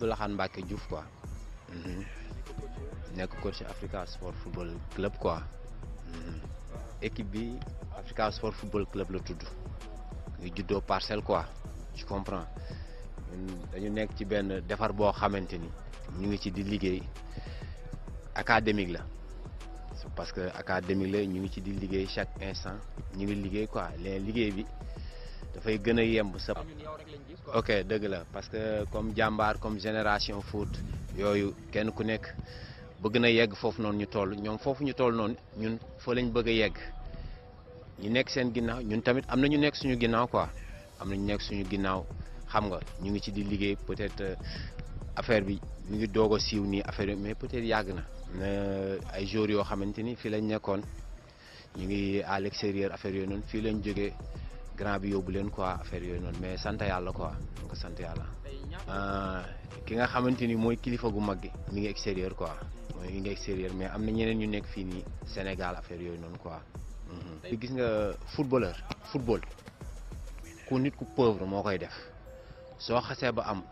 Abdoulahan Mbacke Diouf quoi. Mhm. Nek coach Africa Sport Football Club quoi. Mhm. équipe bi Africa Sport Football Club le tudd. ñu juddoo parcelle quoi je comprends dañu nek ci ben défar bo xamanteni ñu ngi ci di liguey académique là. parce que académique la ñu ngi ci di liguey chaque instant ñu ngi liguey quoi les liguey bi. dafay gën a yemb sa ok dëgg la parce que comme jàmbaar comme génération foot yooyu kenn ku nekk bëgg na yegg foofu noonu ñu toll ñoom foofu ñu toll noonu ñun fa lañ bëgg a yegg ñu nekk seen ginnaaw ñun tamit am na ñu nekk suñu ginnaaw quoi am na ñu nekk suñu ginnaaw xam nga ñu ngi ci di liggéey peut-être euh, affaire bi mu ngi doog a siiw nii affaire bi mais peut-être yàgg na. na euh, ay jours yoo xamante ni fii lañ nekkoon ñu ngi à l'extérieur affaire noonu fii lañ jógee. grand bi yóbbu leen quoi affaire yooyu noonu mais sant yàlla quoi donc sant yàlla. Euh, ki nga xamante ni mooy kilifa gu mag gi mi ngi extérieur quoi mooy mi ngi extérieur mais am na ñeneen ñu nekk fii nii Sénégal affaire yooyu noonu quoi. Mhm. gis nga footballeur football ku nit ku pauvre moo koy def soo xasee ba am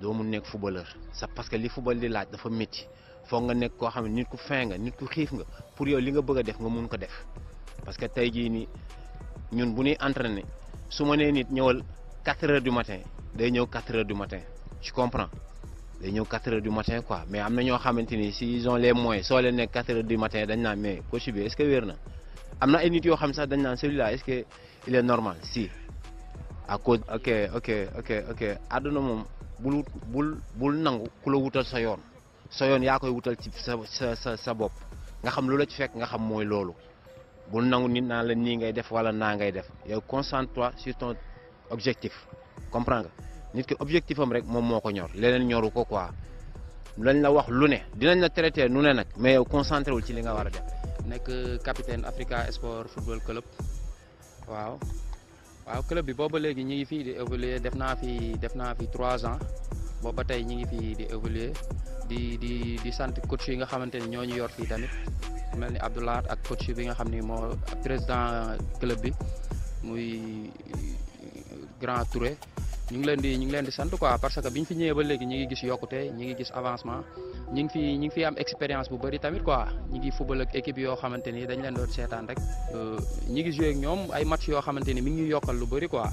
do mun nekk footballeur sax parce que li football di laaj dafa métti foog nga nekk koo xam nit ku fin nga nit ku xiif nga pour yow li nga bëgg a def nga mun ko def parce que tey jii ñun bu ñuy entraîner su ma nit ñëwal 4 h du matin day ñëw 4 h du matin tu comprends day ñëw 4 h du matin quoi mais amna ño xamanteni xamante si ils ont les moyens so leen nek 4 h du matin dañ na mais coach bi est ce que wërna amna ay nit yo xam sax dañ na celui là est ce que il est normal si à cause. ok ok ok ok àdduna mom bul bul bul nangu ku la wutal sa yoon sa yoon ya koy wutal ci sa sa sa bop nga xam lu la ci fekk nga xam moy lolu bul nangou nit naan la ni ngay def wala na ngay def yow concentre-toi sur ton objectif comprends nga nit ki objectif am rek mom moko ñor leneen ñoruko quoi lañ la wax lu ne dinañ la traité nu ne nak mais yow concentré wul ci li nga wara def. nek capitaine Africa Sport Football Club waaw waaw club bi booba léegi ñi ngi fi di évoluer def na fi def na fi 3 ans booba tay ñi ngi fi di évoluer di di di sant coach yi nga xamanteni ni ñoo ñu yor fi tamit. mel ni Abdoulaye ak coach bi nga xam ni moo président club bi muy euh, Grand Touré ñu ngi leen di ñu ngi leen di sant quoi parce que bi ñu fi ñëwee ba léegi ñu ngi gis yokkute ñu ngi gis avancement ñu ngi fi ñu ngi fi am expérience bu bëri tamit quoi ñu ngi football ak équipe yoo xamante ni dañ leen doon seetaan rek euh, ñu ngi joué ak ñoom ay match yoo xamante ni mi ngi yokkal lu bëri quoi.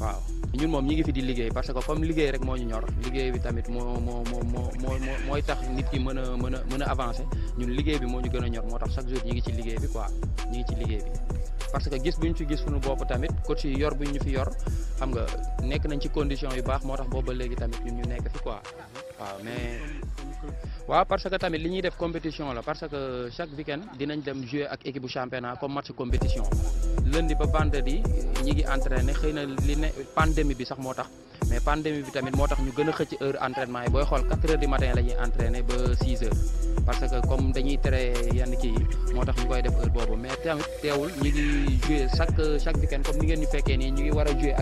waaw ñun moom ñi ngi fi di liggéey parce que comme liggéey rek moo ñu ñor liggéey bi tamit moo moo moo moo mooy tax nit ki mën a mën a mën a avancer ñun liggéey bi moo ñu gën a ñor moo tax chaque jour ñi ngi ci liggéey bi quoi ñi ngi ci liggéey bi parce que gis bu ñu fi gis suñu bopp tamit coach yi yor bu ñu fi yor xam nga nekk nañ ci condition yu baax moo tax booba léegi tamit ñun ñu nekk fi quoi waaw mais waaw parce que tamit li ñuy def compétition la parce que chaque week-end dinañ dem jouer ak équipe bu championnat comme match compétition lundi ba vendredi ñi ngi entraîné xëy na li ne pandémie bi sax moo tax mais pandémie bi tamit moo tax ñu gën a xëcc heure entraînement yi booy xool 4 heures du matin la ñuy entraîné ba 6 heures parce que comme dañuy tere yenn kii moo tax ñu koy def boobu mais tamit teewul ñu ngi jouer chaque chaque week war a jouer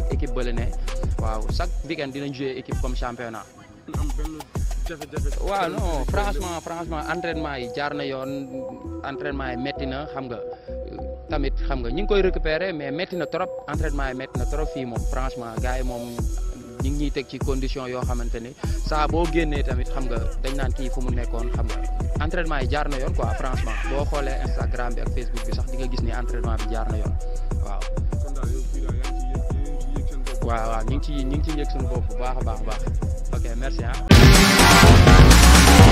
ak waaw non franchement franchement entraînement yi jaar na yoon entraînement yi métti na xam nga tamit xam nga ñu ngi koy récupérer mais métti na trop entraînement métti na trop fii moom franchement gars yi moom ñu ngi ñuy teg ci condition yoo xamante ni saa boo génnee tamit xam nga dañ naan kii fu mu nekkoon xam nga entraînement yi jaar na yoon quoi franchement boo xoolee Instagram bi ak Facebook bi sax di nga gis ni entraînement bi jaar na yoon waaw. waaw waaw ñu ngi ciy ñu ngi baax a baax a baax. Ok, merci. Hein.